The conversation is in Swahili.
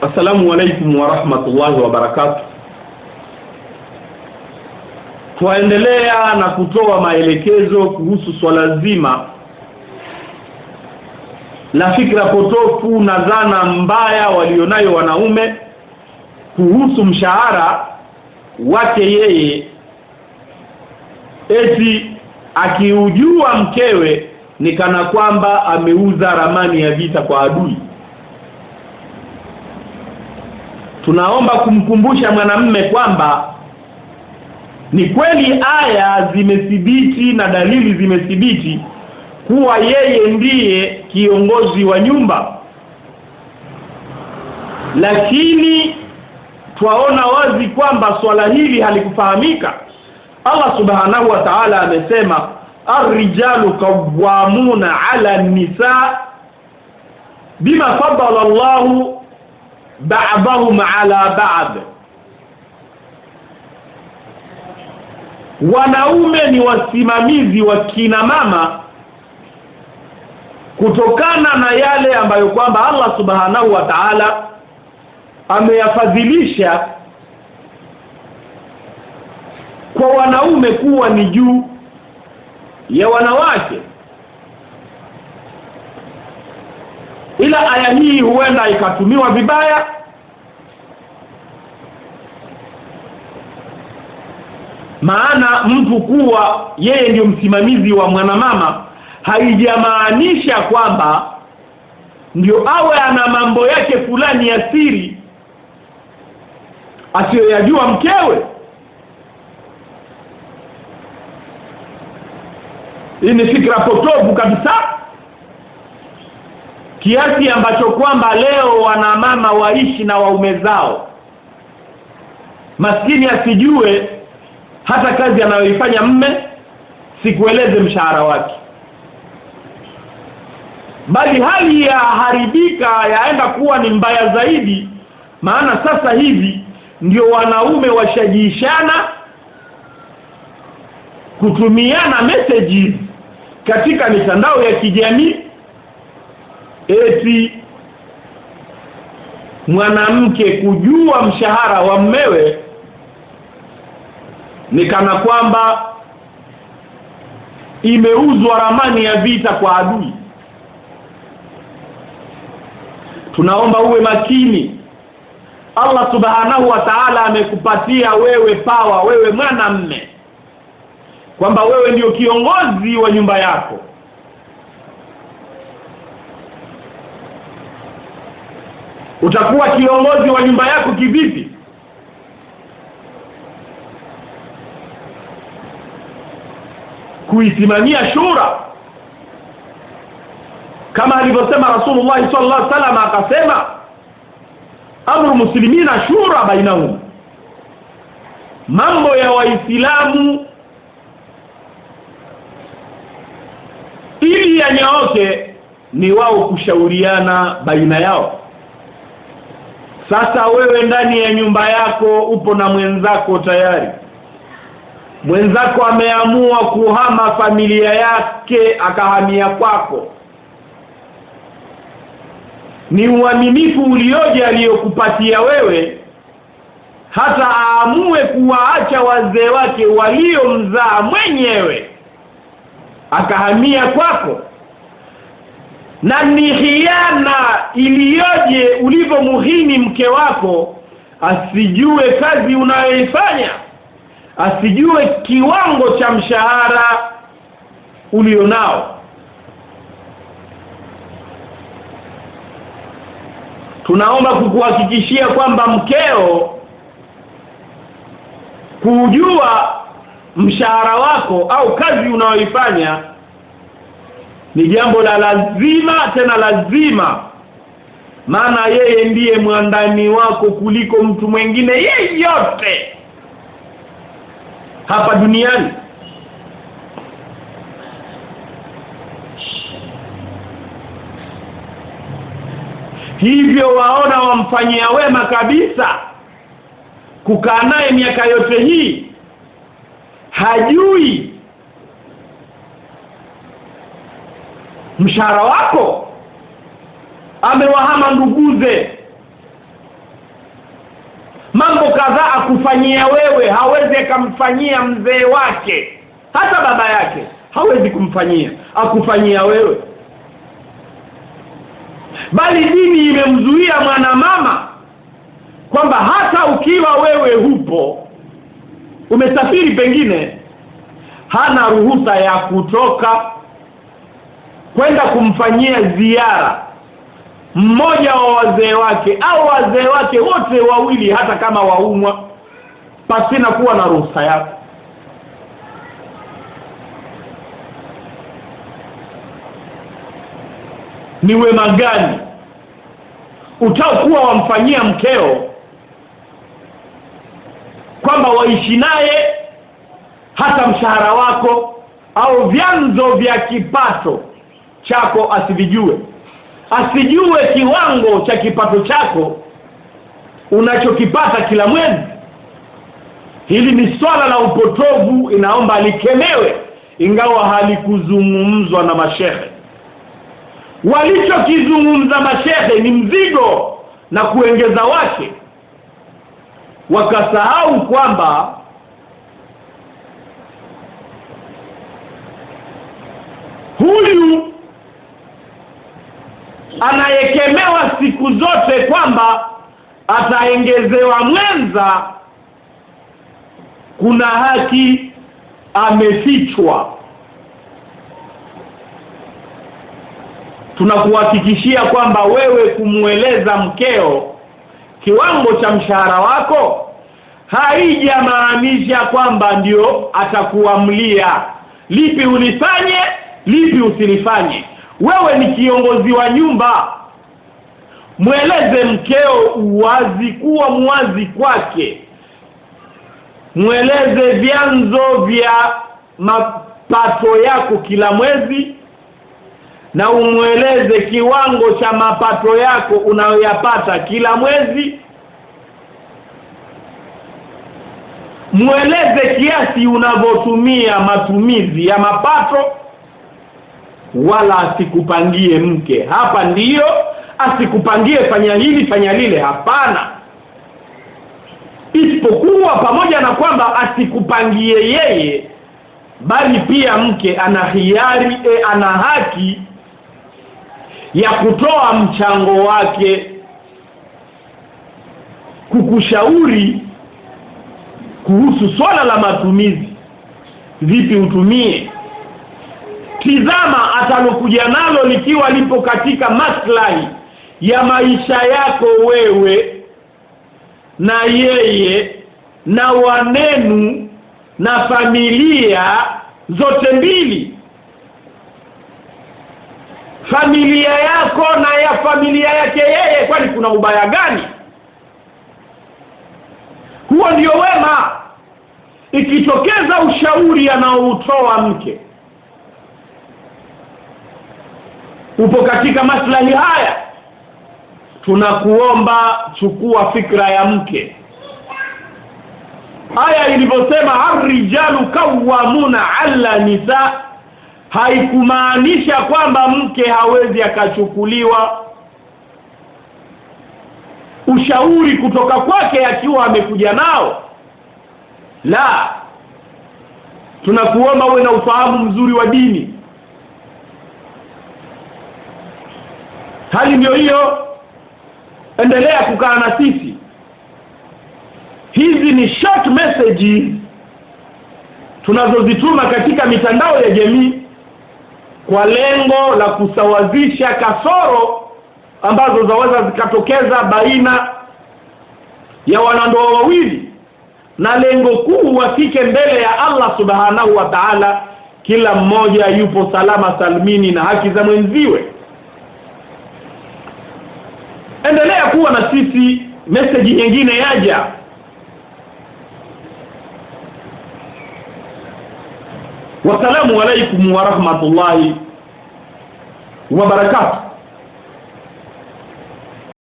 Assalamu alaikum warahmatullahi wabarakatu. Twaendelea na kutoa maelekezo kuhusu swala zima la fikra potofu na dhana mbaya walionayo wanaume kuhusu mshahara wake yeye, eti akiujua mkewe ni kana kwamba ameuza ramani ya vita kwa adui. tunaomba kumkumbusha mwanamme kwamba ni kweli aya zimethibiti na dalili zimethibiti kuwa yeye ndiye kiongozi wa nyumba lakini twaona wazi kwamba swala hili halikufahamika Allah subhanahu wa ta'ala amesema ar-rijalu qawwamuna 'ala an-nisaa bima faddala Allahu ba'dahum ala ba'd wanaume ni wasimamizi wa kina mama kutokana na yale ambayo kwamba Allah subhanahu wa ta'ala ameyafadhilisha kwa wanaume kuwa ni juu ya wanawake ila aya hii huenda ikatumiwa vibaya maana mtu kuwa yeye ndio msimamizi wa mwanamama haijamaanisha kwamba ndio awe ana mambo yake fulani ya siri asiyoyajua mkewe hii ni fikra potovu kabisa kiasi ambacho kwamba leo wana mama waishi na waume zao maskini asijue hata kazi anayoifanya mme sikueleze mshahara wake bali hali ya haribika yaenda kuwa ni mbaya zaidi maana sasa hivi ndio wanaume washajiishana kutumiana messages katika mitandao ya kijamii eti mwanamke kujua mshahara wa mmewe ni kana kwamba imeuzwa ramani ya vita kwa adui tunaomba uwe makini Allah subhanahu wa ta'ala amekupatia wewe pawa wewe mwanamme kwamba wewe ndio kiongozi wa nyumba yako utakuwa kiongozi wa nyumba yako kivipi kuisimamia shura kama alivyosema Rasulullah sallallahu alaihi wasallam akasema amru muslimina shura bainahum mambo ya waislamu ili yanyooke ni wao kushauriana baina yao sasa wewe ndani ya nyumba yako upo na mwenzako tayari mwenzako ameamua kuhama familia yake akahamia kwako ni uaminifu ulioje aliyokupatia wewe hata aamue kuwaacha wazee wake waliomzaa mwenyewe akahamia kwako na ni hiana iliyoje ulivyomuhini mke wako asijue kazi unayoifanya asijue kiwango cha mshahara ulionao tunaomba kukuhakikishia kwamba mkeo kujua mshahara wako au kazi unayoifanya ni jambo la lazima tena lazima maana yeye ndiye mwandani wako kuliko mtu mwingine yeyote hapa duniani hivyo waona wamfanyia wema kabisa kukaa naye miaka yote hii hajui mshahara wako amewahama nduguze mambo kadhaa akufanyia wewe hawezi akamfanyia mzee wake hata baba yake hawezi kumfanyia akufanyia wewe bali dini imemzuia mwanamama kwamba hata ukiwa wewe hupo umesafiri pengine hana ruhusa ya kutoka kwenda kumfanyia ziara mmoja wa wazee wake au wazee wake wote wawili hata kama waumwa pasina kuwa na ruhusa yako ni wema gani utaokuwa wamfanyia mkeo kwamba waishi naye hata mshahara wako au vyanzo vya kipato chako asivijue asijue kiwango cha kipato chako unachokipata kila mwezi hili ni swala la upotovu inaomba likemewe ingawa halikuzungumzwa na mashehe walichokizungumza mashehe ni mzigo na kuengeza wake wakasahau kwamba anayekemewa siku zote kwamba ataengezewa mwenza kuna haki amefichwa tunakuhakikishia kwamba wewe kumweleza mkeo kiwango cha mshahara wako haijamaanisha kwamba ndio atakuamlia lipi ulifanye lipi usilifanye wewe ni kiongozi wa nyumba mweleze mkeo uwazi kuwa mwazi kwake mweleze vyanzo vya mapato yako kila mwezi na umweleze kiwango cha mapato yako unayoyapata kila mwezi mweleze kiasi unavyotumia matumizi ya mapato wala asikupangie mke hapa ndiyo asikupangie fanya hili fanya lile hapana isipokuwa pamoja na kwamba asikupangie yeye bali pia mke ana hiari e, ana haki ya kutoa mchango wake kukushauri kuhusu swala la matumizi vipi utumie tizama atalokuja nalo likiwa lipo katika maslahi ya maisha yako wewe na yeye na wanenu na familia zote mbili familia yako na ya familia yake yeye kwani kuna ubaya gani huo ndio wema ikitokeza ushauri anaoutoa mke upo katika maslahi haya tunakuomba chukua fikra ya mke aya ilivyosema arrijalu kawamuna ala nisa haikumaanisha kwamba mke hawezi akachukuliwa ushauri kutoka kwake akiwa amekuja nao la tunakuomba uwe na ufahamu mzuri wa dini hali ndio hiyo endelea kukaa na sisi hizi ni short message tunazozituma katika mitandao ya jamii kwa lengo la kusawazisha kasoro ambazo zaweza zikatokeza baina ya wanandoa wawili na lengo kuu wafike mbele ya Allah subhanahu wa ta'ala kila mmoja yupo salama salmini na haki za mwenziwe kuwa na sisi message nyingine yaja wasalamu alaikum wa rahmatullahi wa barakatuh